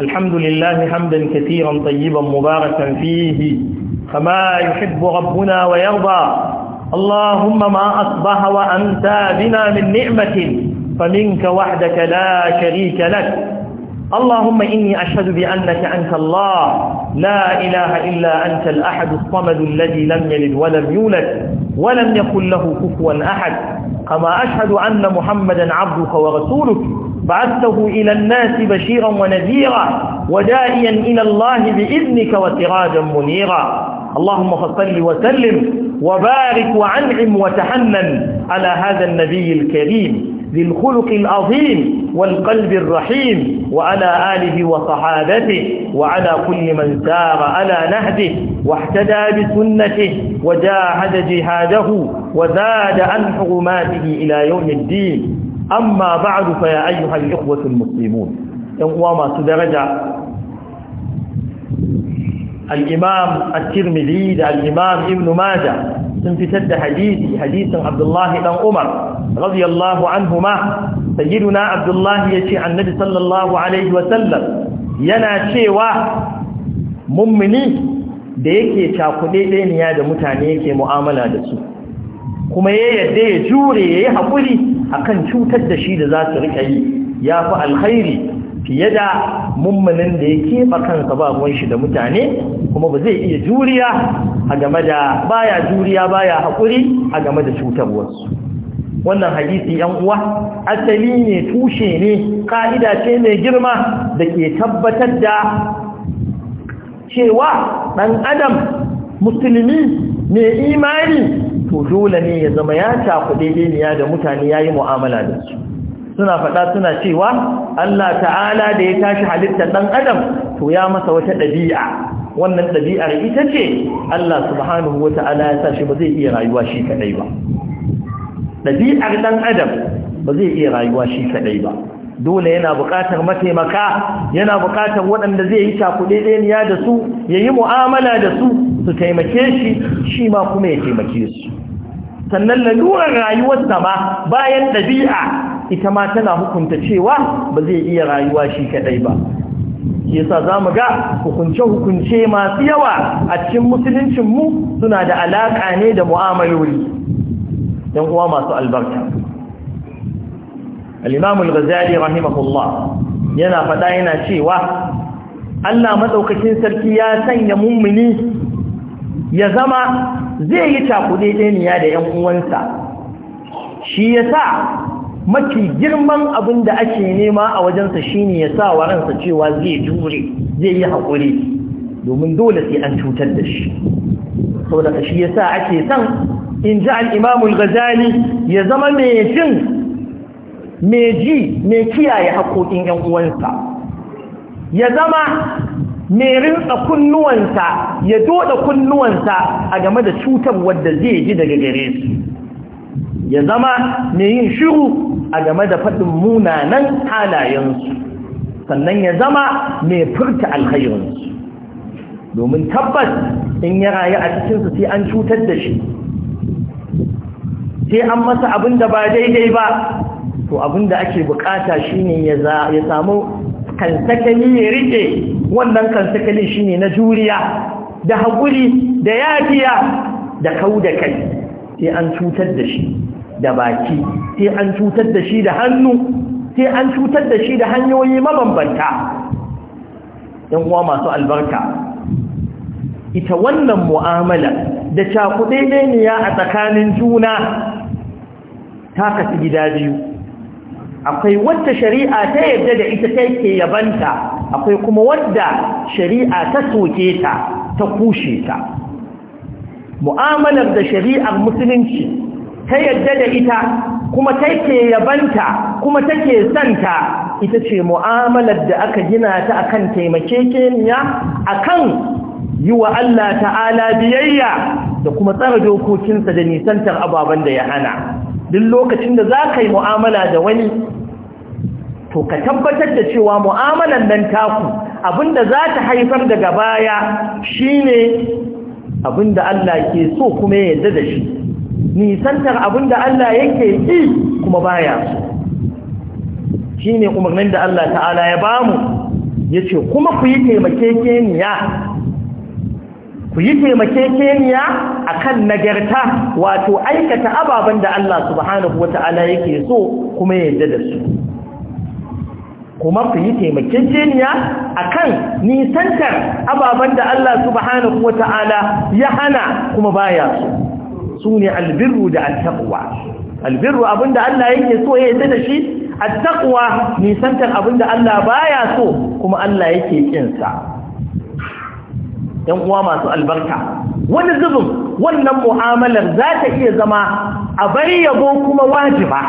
الحمد لله حمدا كثيرا طيبا مباركا فيه كما يحب ربنا ويرضى اللهم ما أصبح وأنت بنا من نعمة فمنك وحدك لا شريك لك اللهم إني أشهد بأنك أنت الله لا إله إلا أنت الأحد الصمد الذي لم يلد ولم يولد ولم يكن له كفوا أحد كما أشهد أن محمدا عبدك ورسولك بعثته إلى الناس بشيرا ونذيرا وداعيا إلى الله بإذنك وسراجا منيرا اللهم فصل وسلم وبارك وعنعم وتحنن على هذا النبي الكريم ذي الخلق العظيم والقلب الرحيم وعلى آله وصحابته وعلى كل من سار على نهده واحتدى بسنته وجاهد جهاده وزاد عن حرماته إلى يوم الدين أما بعد فيا أيها الإخوة المسلمون وما ما سدرجع الإمام الترمذي الإمام ابن ماجه sun fitar da hadisi hadisin abdullahi dan umar radiyallahu anhuma sayyiduna abdullahi yace annabi sallallahu alaihi wa sallam yana cewa mummuni da yake cakude ɗaniya da mutane yake mu'amala da su kuma ya yadda ya jure ya yi haƙuri akan cutar da shi da za su riƙa yi ya alkhairi fiye da mummunin da ya keɓa kansa ba ruwan shi da mutane kuma ba zai iya juriya a game da baya juriya baya haƙuri a game da cutar cutarwarsu wannan hadisi yan uwa asali ne tushe ne ka'ida ce mai girma da ke tabbatar da cewa ɗan adam musulmi mai imani to dole ne ya zama ya cakuɗe ne da mutane ya yi mu'amala da su suna faɗa suna cewa Allah ta'ala da ya tashi halittar ɗan adam to ya masa wata ɗabi'a wannan ɗabi'ar ita ce Allah subhanahu wa ta'ala ya tashi ba zai iya rayuwa shi kaɗai ba ɗabi'ar ɗan adam ba zai iya rayuwa shi kaɗai ba dole yana buƙatar mataimaka yana buƙatar waɗanda zai yi cakuɗe ɗaniya da su ya yi mu'amala da su su taimake shi shi ma kuma ya taimake su sannan lalurar rayuwarsa ma bayan ɗabi'a ita ma tana hukunta cewa ba zai iya rayuwa shi kadai ba yasa za mu ga hukunce-hukunce masu yawa a cikin musuluncinmu suna da alaƙa ne da mu'amaloli don uwa masu albarka al'imamul gazali rahimahullah yana faɗa yana cewa allah maɗaukakin sarki ya sanya mummuni ya zama zai yi cakuɗe ɗaniya da ‘yan uwansa shi ya sa mafi girman abin da ake nema a wajensa shine ya sa wa ransa cewa zai jure zai yi haƙuri domin dole sai an cutar da shi saboda shi ya sa ake san in ji Al'imamu gajani ya zama mai mai kiyaye haƙoƙin 'yan uwansa ya zama mai rinsa kunnuwansa ya doda kunnuwansa a game da cutar wadda zai ji daga gare su ya zama mai yin shiru a game da faɗin munanan halayensu sannan ya zama mai furta alkhairinsu domin tabbas in ya rayu a cikinsu sai an cutar da shi sai an masa abin da ba daidai ba to abin da ake bukata shine ya samu kansakali ya rike wannan kansakali shine na juriya da haƙuri da yafiya da kau da kai sai an cutar da shi da baki sai an cutar da shi da hannu sai an cutar da shi da hanyoyi mabambanta yan uwa masu albarka ita wannan mu'amala da cakuɗe ne ya a tsakanin juna ta kasu gida biyu akwai wata shari'a ta yadda da ita ke yabanta akwai kuma wadda shari'a ta soke ta ta kushe ta mu'amalar da shari'ar musulunci ta yadda da ita kuma take yabanta kuma take santa ita ce mu'amalar da aka gina ta akan taimakekeniya akan yi wa Allah ta'ala biyayya da kuma tsara dokokinsa da nisantar ababen da ya hana duk lokacin da za ka yi mu'amala da wani to ka tabbatar da cewa mu'amalar nan taku abinda za ta haifar daga baya shine abinda Allah ke so kuma ya yarda da shi nisantar abin da Allah yake ƙi kuma baya su shi ne umarnin da Allah ta'ala ya ba mu ya ce kuma ku yi taimakekeniya ku yi taimakekeniya a kan nagarta wato aikata ababen da Allah subhanahu wa ta'ala yake so kuma yadda da su kuma ku yi taimakekeniya a kan nisantar ababen da Allah subhanahu wa ta'ala ya hana kuma baya su su ne albirru da attakuwa. albirru abinda Allah yake so ya yarda da shi attaqwa nisantar abinda Allah baya so kuma Allah yake kin sa yan uwa masu albarka wani zubin wannan mu'amalar za ta iya zama a bari yabo kuma wajiba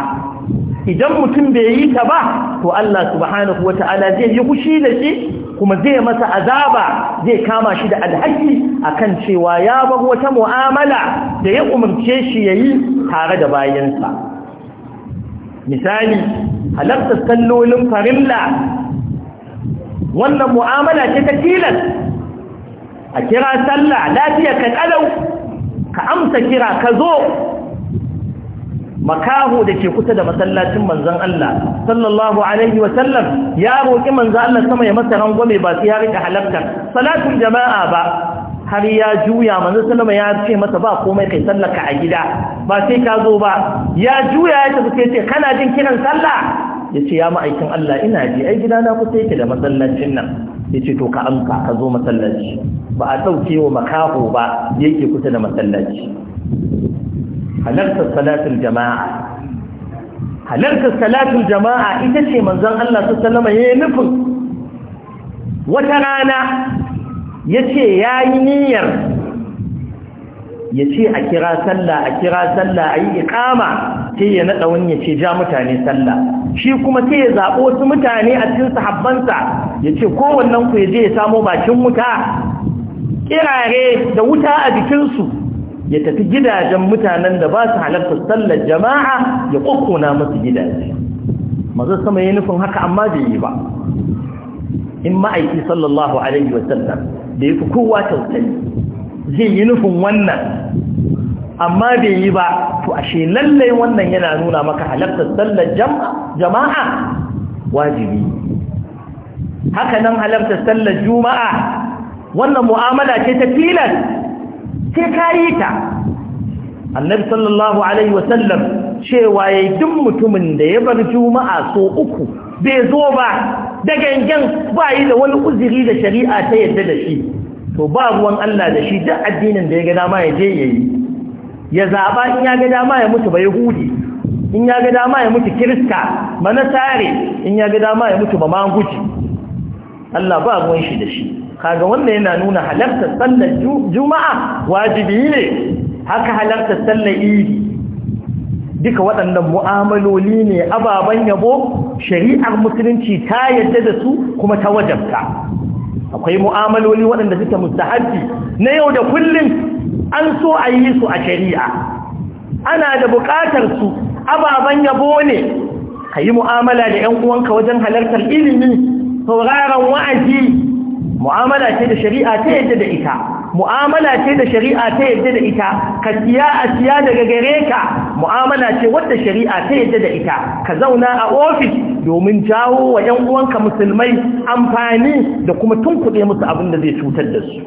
idan mutum bai yi ta ba to Allah subhanahu wata'ala zai yi kushi da shi kuma zai masa azaba zai kama shi da alhaki akan cewa ya bar wata mu'amala da ya umarce shi yayi tare da bayansa misali halartar sallolin farilla wannan mu'amala ce ta tilas a kira sallah lafiya ka kalau ka amsa kira ka zo makaho da ke kusa da masallacin manzan Allah sallallahu alaihi wa sallam ya roki manzan Allah sama ya masa rangwame ba su ya rika halartar salatul jama'a ba har ya juya manzan sallama ya ce masa ba komai kai sallaka a gida ba sai ka zo ba ya juya ya tafi sai ce kana jin kiran sallah ya ce ya ma'aikin Allah ina ji ai gida na kusa yake da masallacin nan ya ce to ka amsa ka zo masallaci ba a ɗauke wa makaho ba yake kusa da masallaci halartar salatul jama'a halartar salatul jama'a ita ce manzon Allah sallallahu ya wasallam nufin wata rana yace yayi niyyar yace a kira sallah a kira sallah ayi iqama sai ya naɗa wani ce, ja mutane sallah shi kuma sai ya zaɓi wasu mutane a cikin sahabbansa yace kowannen ku je ya samo bakin wuta kirare da wuta a jikinsu ya tafi gidajen mutanen da ba su halarta sallar jama'a ya kokona masu gidaje mazu sama ya nufin haka amma bai yi ba in ma'aiki sallallahu alaihi wasallam da ya fi kowa tausayi zai yi nufin wannan amma bai yi ba to ashe lallai wannan yana nuna maka halartar sallar jama'a wajibi haka nan halartar sallar juma'a wannan mu'amala ce ta tilas sai ka yi ta annabi sallallahu alaihi wasallam cewa yayi duk mutumin da ya bar juma'a so uku bai zo ba da gangan ba yi da wani uziri da shari'a ta yadda da shi to ba ruwan Allah da shi duk addinin da ya ga dama ya je yayi ya zaba in ya ga dama ya mutu ba yahudi in ya ga dama ya mutu kirista ba nasare in ya ga dama ya mutu ba maguji Allah ba ruwan shi da shi kaga wannan yana nuna halartar sallar juma'a wajibi ne haka halartar sallar idi duka waɗannan mu'amaloli ne ababen yabo shari'ar musulunci ta yadda da su kuma ta wajabta akwai mu'amaloli waɗanda suke mustahabbi na yau da kullum an so a yi su a shari'a ana da buƙatar su ababen yabo ne ka yi mu'amala da 'yan uwanka wajen halartar ilimi sauraron wa'azi mu'amala ce da shari'a ta yadda da ita mu'amala ce da shari'a ta yadda da ita ka siya a siya daga gare ka mu'amala ce wadda shari'a ta yadda da ita ka zauna a ofis domin jawo wa 'yan uwanka musulmai amfani da kuma tunkuɗe musu abin da zai cutar da su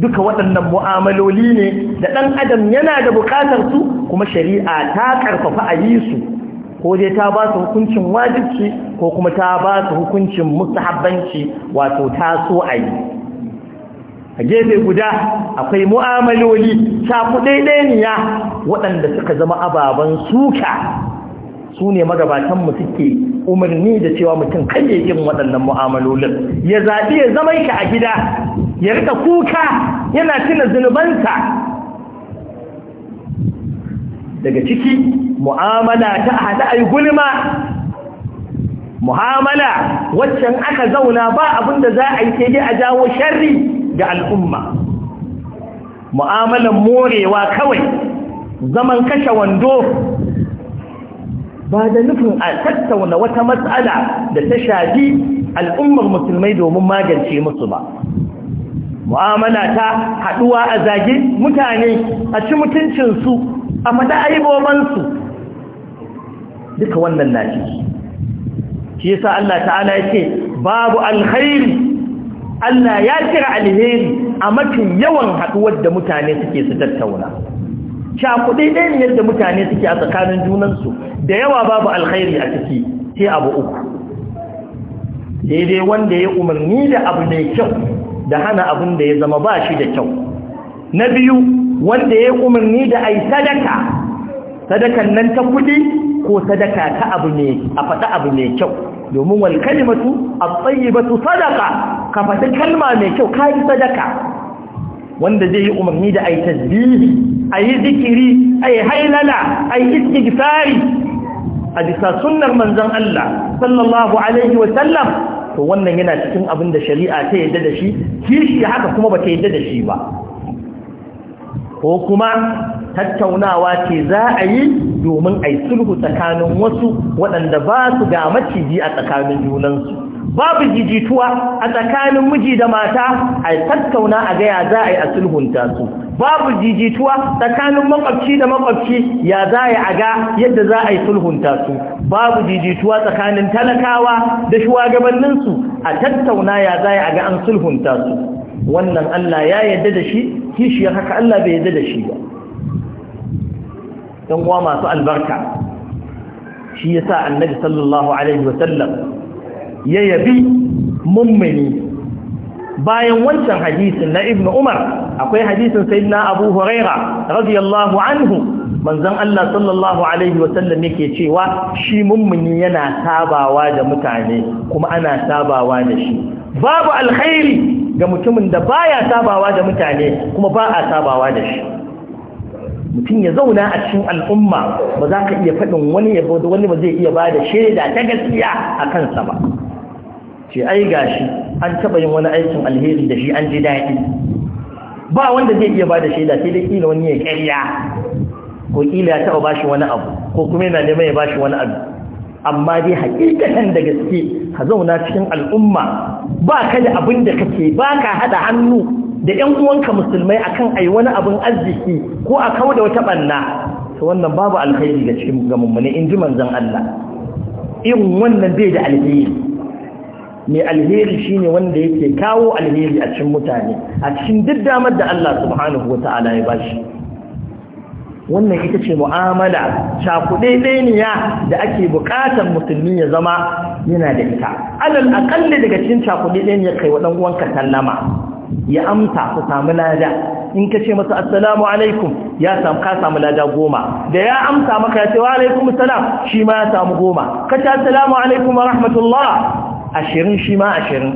duka waɗannan mu'amaloli ne da ɗan adam yana da buƙatar su kuma shari'a ta ƙarfafa a yi su ko dai ta ba su hukuncin wajibci ko kuma ta ba su hukuncin mustahabbanci wato ta so a yi a gefe guda akwai mu'amaloli ta kuɗaiɗaniya waɗanda suka zama ababen suka su ne magabatanmu suke umarni da cewa mutum ne yin waɗannan mu'amalolin ya zaɓi ya zama ka a gida ya rika kuka yana tuna zunubansa daga ciki mu'amala ta hada ai gulma mu'amala waccan aka zauna ba abinda za a yi sai a jawo sharri ga al'umma mu'amalan morewa kawai zaman kashe wando ba da nufin a tattauna wata matsala da ta shafi al'ummar musulmai domin magance musu ba mu'amala ta haɗuwa a zage mutane a ci mutuncinsu a faɗa bomansu duka wannan na ciki shi yasa Allah ta'ala ya ce babu alkhairi Allah ya kira alheri a mafi yawan haɗuwar da mutane suke su tattauna shakuɗi ɗaya ne yadda mutane suke a tsakanin junansu da yawa babu alkhairi a ciki sai abu uku daidai wanda ya umarni da abu mai kyau da hana abin da ya zama ba shi da kyau na biyu wanda ya umarni da ai sadaka sadakan nan ta kudi ko sadaka ta abu ne a faɗa abu mai kyau domin wal kalimatu at-tayyibatu sadaqa ka faɗi kalma mai kyau kai sadaka wanda zai yi umarni da ai tasbihi ai zikiri ai hailala ai istighfari a bisa sunnar manzon Allah sallallahu alaihi wa sallam to wannan yana cikin abin da shari'a ta yadda da shi kishi haka kuma ba ta yadda da shi ba ko kuma tattaunawa ce za a yi domin a yi sulhu tsakanin wasu waɗanda ba su ga maciji a tsakanin junansu babu jijituwa a tsakanin miji da mata a tattauna a gaya za a yi a sulhunta su babu jijituwa tsakanin makwabci da makwabci ya za a ga yadda za a yi sulhunta su babu jijituwa tsakanin talakawa da shugabanninsu a tattauna ya za a ga an sulhunta su wannan Allah ya yarda da shi kishiyar haka Allah bai yadda da shi ba ɗan uwa masu albarka shi sa annabi sallallahu alaihi wasallam ya yabi mummuni bayan wancan hadisin na ibnu umar akwai hadisin sayyidina abu huraira radiyallahu anhu manzon Allah sallallahu alaihi wasallam yake cewa shi mummuni yana sabawa da mutane kuma ana sabawa da shi babu alkhairi ga mutumin da baya sabawa da mutane kuma ba a sabawa da shi mutum ya zauna a cikin al'umma ba za ka iya faɗin wani ya wani ba zai iya ba da shaida ta gaskiya a kansa ba ce ai ga shi an taɓa yin wani aikin alheri da shi an ji daɗi ba wanda zai iya ba da shaida sai dai ƙila wani ya ƙarya ko ƙila ya taɓa ba shi wani abu ko kuma yana neman ya ba shi wani abu amma dai hakikatan da gaske ka zauna cikin al'umma ba ka da abin da kake ba ka haɗa hannu da ‘yan uwanka musulmai akan ai wani abin arziki ko a kawo da wata ɓanna ta wannan babu alkhairi ga cikin ne in ji manzan Allah irin wannan bai da alheri mai alheri shine wanda yake kawo alheri a cikin mutane a cikin duk damar da Allah subhanahu wa ta'ala ya bashi wannan ita ce mu'amala cakuɗeɗeniya da ake buƙatar musulmi ya zama yana da ita alal aƙalli daga cikin cakuɗeɗeniya kai wa ɗan uwanka sallama ya amsa ku samu lada in ka ce masa assalamu alaikum ya samu ka samu lada goma da ya amsa maka ya ce wa alaikum salam shi ma ya samu goma ka ce assalamu alaikum wa rahmatullah ashirin shi ma ashirin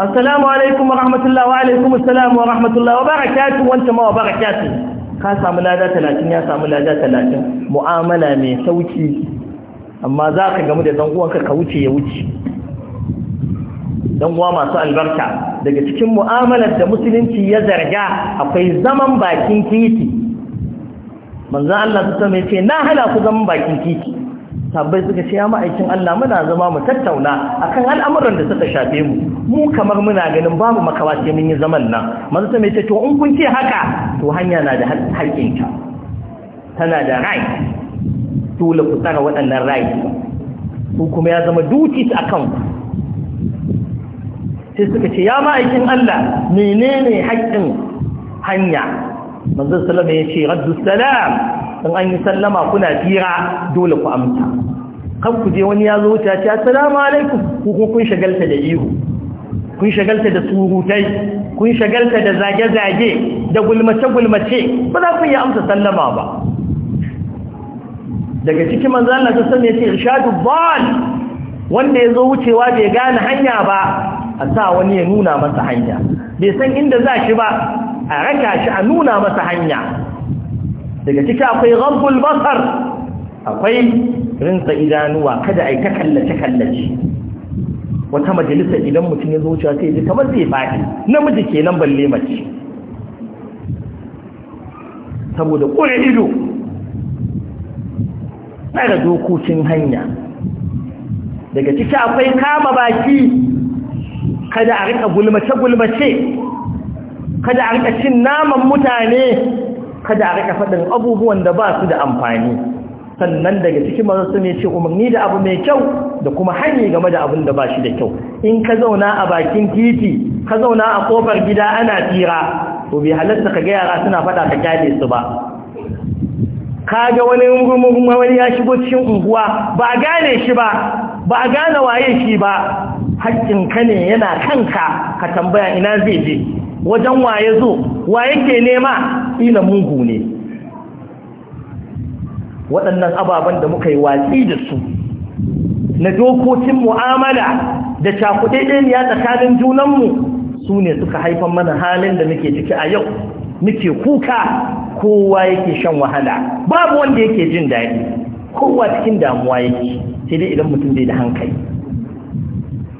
assalamu alaikum wa rahmatullah wa alaikum salam wa rahmatullah wa barakatuh wancan ma wa barakatuh ka samu lada talatin ya samu lada talatin mu'amala mai sauki amma za ka gamu da uwanka ka wuce ya wuce uwa masu albarka daga cikin mu'amalar da musulunci ya zarga akwai zaman bakin titi manzan Allah su sami ce na hana ku zaman bakin titi sabbai suka ce ya ma'aikin Allah muna zama mu tattauna akan al'amuran da suka shafe mu mu kamar muna ganin babu makawa sai mun yi zaman nan manzo ta mai ce to in kun ce haka to hanya na da haƙƙinta tana da rai dole ku tsara waɗannan rai ku kuma ya zama duty akan ku sai suka ce ya ma'aikin Allah menene haƙƙin hanya manzo wasallam ya ce raddu salam in an yi sallama kuna fira dole ku amsa kan ku je wani ya zo wuce ce assalamu alaikum ku ko kun shagalta da ihu kun shagalta da surutai kun shagalta da zage-zage da gulmace-gulmace ba za ku yi amsa sallama ba daga cikin manzo Allah ta sanya ce irshadu ban wanda ya zo wucewa bai gane hanya ba a sa wani ya nuna masa hanya bai san inda za shi ba a raka shi a nuna masa hanya daga ciki akwai rabbul basar akwai rinsa idanuwa kada ai ta kallace kallace wata majalisa idan mutum ya zo wucewa sai ji kamar zai faɗi namiji kenan balle mace saboda ƙure ido tsara dokokin hanya daga ciki akwai kama baki kada a rika gulmace-gulmace kada a rika cin naman mutane kada a rika faɗin abubuwan da ba su da amfani sannan daga cikin su ne ce umarni da abu mai kyau da kuma hanyar game da abin da ba shi da kyau in ka zauna a bakin titi ka zauna a kofar gida ana tsira, to bai halatta ka ga yara suna faɗa ka kyale su ba ka ga wani rungumin wani ya shigo cikin unguwa ba a gane shi ba ba a gane waye shi ba Hakkin ka ne yana kanka ka tambaya ina zai je wajen waye zo waye ke nema kila mugu ne waɗannan ababen da muka yi watsi da su na dokokin mu'amala da ya tsakanin junanmu su ne suka haifan mana halin da muke ciki a yau muke kuka kowa yake shan wahala babu wanda yake jin daɗi kowa cikin damuwa yake sai dai idan mutum bai da hankali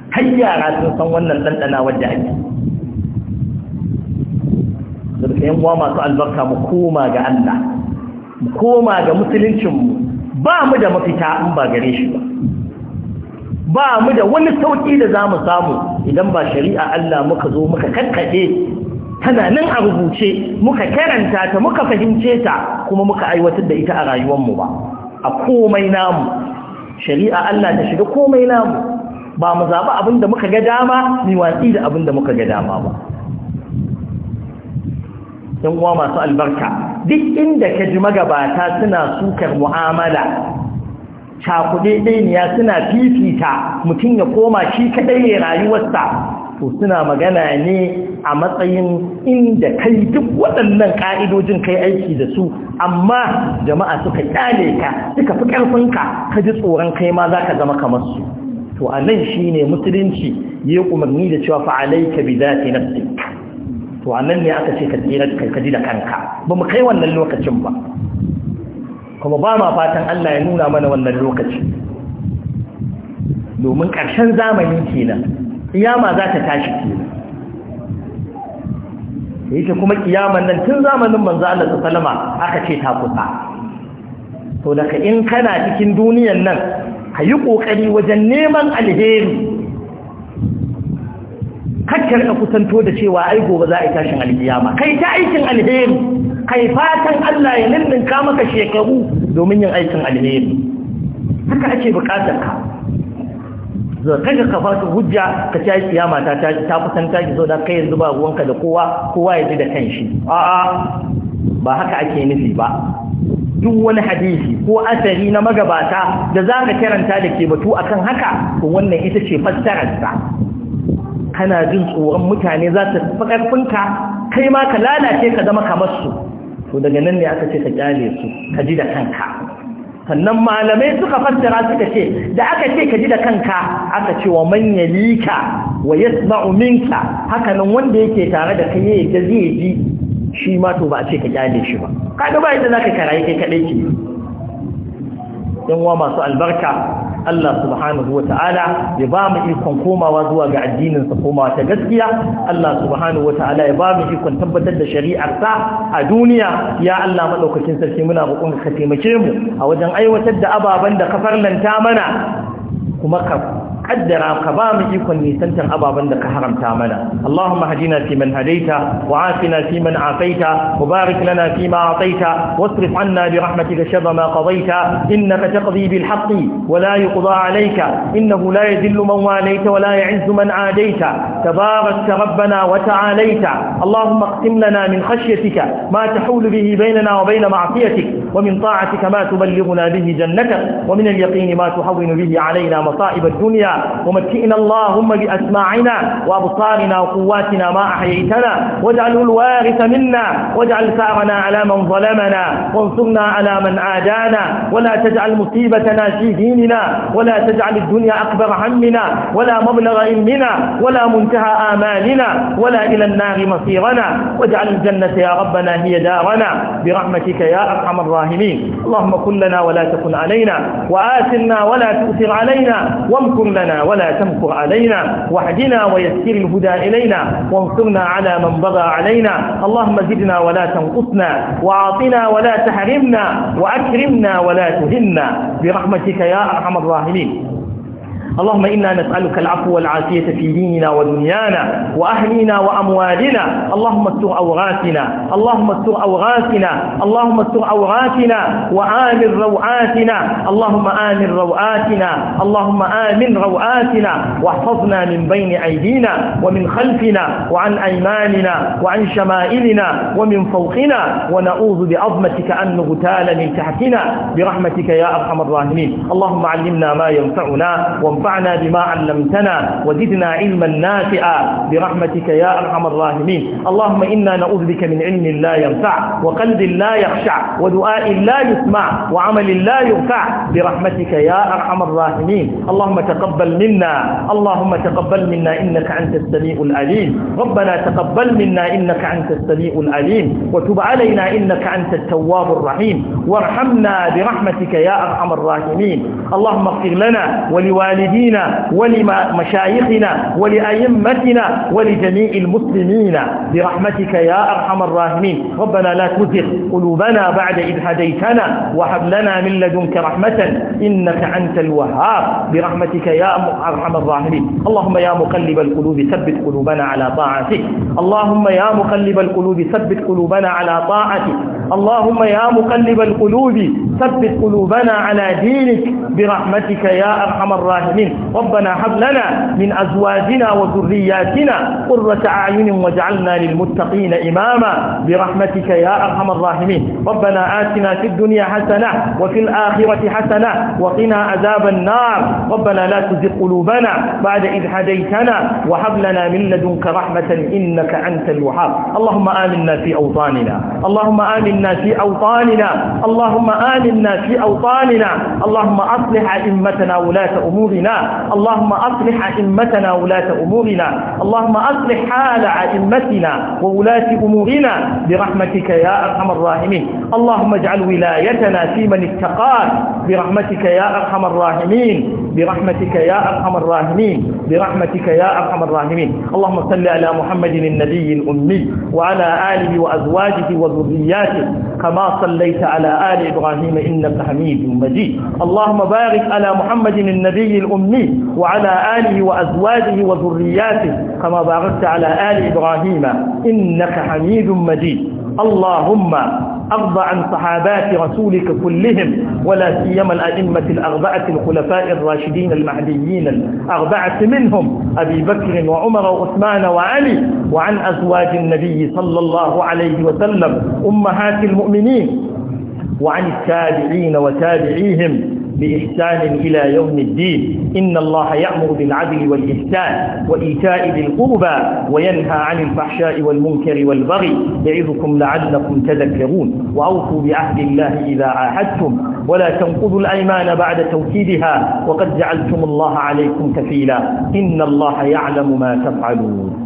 har yara sun san wannan ɗanɗana wadda ake yan uwa masu albarka mu koma ga Allah mu koma ga musuluncin mu ba mu da mafita in ba gare shi ba ba mu da wani sauki da za mu samu idan ba shari'a Allah muka zo muka kankade tana nan a rubuce muka karanta ta muka fahimce ta kuma muka aiwatar da ita a rayuwar mu ba a komai namu shari'a Allah ta shiga komai namu ba mu zaɓi abinda muka ga dama ni watsi da abin da muka ga dama ba yan uwa masu albarka duk inda ka ji magabata suna sukar mu'amala cakuɗe ɗaya suna fifita mutum ya koma shi kaɗai ne rayuwarsa to suna magana ne a matsayin inda kai duk waɗannan ƙa'idojin kai aiki da su amma jama'a suka ƙyale ka suka fi ƙarfinka ka ji tsoron kai ma za ka zama kamar su to a nan shi ne musulunci ya yi umarni da cewa ka bi za ta nafsika to anan ne aka ce ka kai ka ji da kanka ba mu kai wannan lokacin ba kuma ba ma fatan Allah ya nuna mana wannan lokaci domin ƙarshen zamani kenan kiyama za ta tashi kenan yake kuma kiyaman nan tun zamanin manzo Allah sallama aka ce ta kusa to daga in kana cikin duniyar nan kayi kokari wajen neman alheri kakkar ka kusanto da cewa ai gobe za a yi tashin alkiyama kai ta aikin alheri kai fatan Allah ya ninninka maka shekaru domin yin aikin alheri haka ake bukatar ka zo kaga ka fata hujja ka ta kiyama ta ta kusanta ki zo da kai yanzu ba ruwanka da kowa kowa ya ji da kanshi a'a ba haka ake nufi ba duk wani hadisi ko asari na magabata da za ka karanta da ke batu akan haka to wannan ita ce fassararsa kana jin tsoron mutane za su fi ƙarfinka kai ma ka lalace ka zama kamar su to daga nan ne aka ce ka kyale su ka ji da kanka sannan malamai suka fassara suka ce da aka ce ka ji da kanka aka ce wa manya lika wa sma'u minka haka wanda yake tare da kai yake zai ji shi ma to ba a ce ka kyale shi ba kaga ba yadda zaka karaye kai kaɗai ke yan wa masu albarka Allah subhanahu wata'ala ya ba mu ikon komawa zuwa ga addinin sa komawa ta gaskiya Allah subhanahu wata'ala ya ba mu ikon tabbatar da shari'ar sa a duniya ya Allah madaukakin sarki muna roƙon ka taimake mu a wajen aiwatar da ababen da ka farlanta mana kuma ka kaddara ka ba mu ikon nisantan ababen da ka haramta mana Allahumma hadina fi man hadaita wa afina fi man afaita wa barik lana fi ma ataita wasrif anna bi rahmatika sharra ma qadaita innaka taqdi bil haqqi wa la yuqda alayka innahu la yadhillu man walayta wa la ya'izzu man adaita tabarakta rabbana wa ta'alaita Allahumma aqsim lana min khashyatika ma tahulu bihi bainana wa bain ma'siyatik ومن طاعتك ما تبلغنا به جنتك ومن اليقين ما تحون به علينا مصائب الدنيا ومتئنا اللهم بأسماعنا وأبصارنا وقواتنا ما أحييتنا واجعله الوارث منا واجعل ثارنا على من ظلمنا وانصرنا على من عادانا ولا تجعل مصيبتنا في ديننا ولا تجعل الدنيا أكبر همنا ولا مبلغ علمنا ولا منتهى آمالنا ولا إلى النار مصيرنا واجعل الجنة يا ربنا هي دارنا برحمتك يا أرحم الراحمين الراهنين اللهم كن لنا ولا تكن علينا وآتنا ولا تؤثر علينا وامكر لنا ولا تمكر علينا واهدنا ويسر الهدى إلينا وانصرنا على من بغى علينا اللهم زدنا ولا تنقصنا وأعطنا ولا تحرمنا وأكرمنا ولا تهنا برحمتك يا أرحم الراحمين اللهم إنا نسألك العفو والعافية في ديننا ودنيانا وأهلنا وأموالنا اللهم استر أوغاتنا اللهم استر أوغاتنا اللهم استر أوغاتنا وآمن روعاتنا اللهم آمن روعاتنا اللهم آمن روعاتنا واحفظنا من بين أيدينا ومن خلفنا وعن أيماننا وعن شمائلنا ومن فوقنا ونعوذ بعظمتك أن نغتال من تحتنا برحمتك يا أرحم الراحمين اللهم علمنا ما ينفعنا وانفعنا وانفعنا بما علمتنا وزدنا علما نافعا برحمتك يا أرحم الراحمين اللهم إنا نعوذ بك من علم لا ينفع وقلب لا يخشع ودعاء لا يسمع وعمل لا يرفع برحمتك يا أرحم الراحمين اللهم تقبل منا اللهم تقبل منا إنك أنت السميع العليم ربنا تقبل منا إنك أنت السميع العليم وتب علينا إنك أنت التواب الرحيم وارحمنا برحمتك يا أرحم الراحمين اللهم اغفر لنا ولوالدينا لمشاهينا ولمشايخنا ولأئمتنا ولجميع المسلمين برحمتك يا أرحم الراحمين ربنا لا تزغ قلوبنا بعد إذ هديتنا وهب لنا من لدنك رحمة إنك أنت الوهاب برحمتك يا أرحم الراحمين اللهم يا مقلب القلوب ثبت قلوبنا على طاعتك اللهم يا مقلب القلوب ثبت قلوبنا على طاعتك اللهم يا مقلب القلوب ثبت قلوبنا على دينك برحمتك يا أرحم الراحمين ربنا هب لنا من أزواجنا وذرياتنا قرة أعين واجعلنا للمتقين إماما برحمتك يا أرحم الراحمين ربنا آتنا في الدنيا حسنة وفي الآخرة حسنة وقنا عذاب النار ربنا لا تزغ قلوبنا بعد إذ هديتنا وهب لنا من لدنك رحمة إنك أنت الوهاب اللهم آمنا في أوطاننا اللهم آمنا آمنا في أوطاننا اللهم آمنا في أوطاننا اللهم أصلح أئمتنا ولاة أمورنا اللهم أصلح أئمتنا ولاة أمورنا اللهم أصلح حال أئمتنا وولاة أمورنا برحمتك يا أرحم الراحمين اللهم اجعل ولايتنا في من اتقاك برحمتك يا أرحم الراحمين برحمتك يا أرحم الراحمين برحمتك يا أرحم الراحمين اللهم صل على محمد النبي الأمي وعلى آله وأزواجه وذرياته كما صليت على آل إبراهيم إنك حميد مجيد اللهم بارك على محمد النبي الأمي وعلى آله وأزواجه وذرياته كما باركت على آل إبراهيم إنك حميد مجيد اللهم وارض عن صحابات رسولك كلهم ولا سيما الأئمة الأربعة الخلفاء الراشدين المهديين الأربعة منهم أبي بكر وعمر وعثمان وعلي وعن أزواج النبي صلى الله عليه وسلم أمهات المؤمنين وعن التابعين وتابعيهم بإحسان إلى يوم الدين إن الله يأمر بالعدل والإحسان وإيتاء ذي القربى وينهى عن الفحشاء والمنكر والبغي يعظكم لعلكم تذكرون وأوفوا بعهد الله إذا عاهدتم ولا تنقضوا الأيمان بعد توكيدها وقد جعلتم الله عليكم كفيلا إن الله يعلم ما تفعلون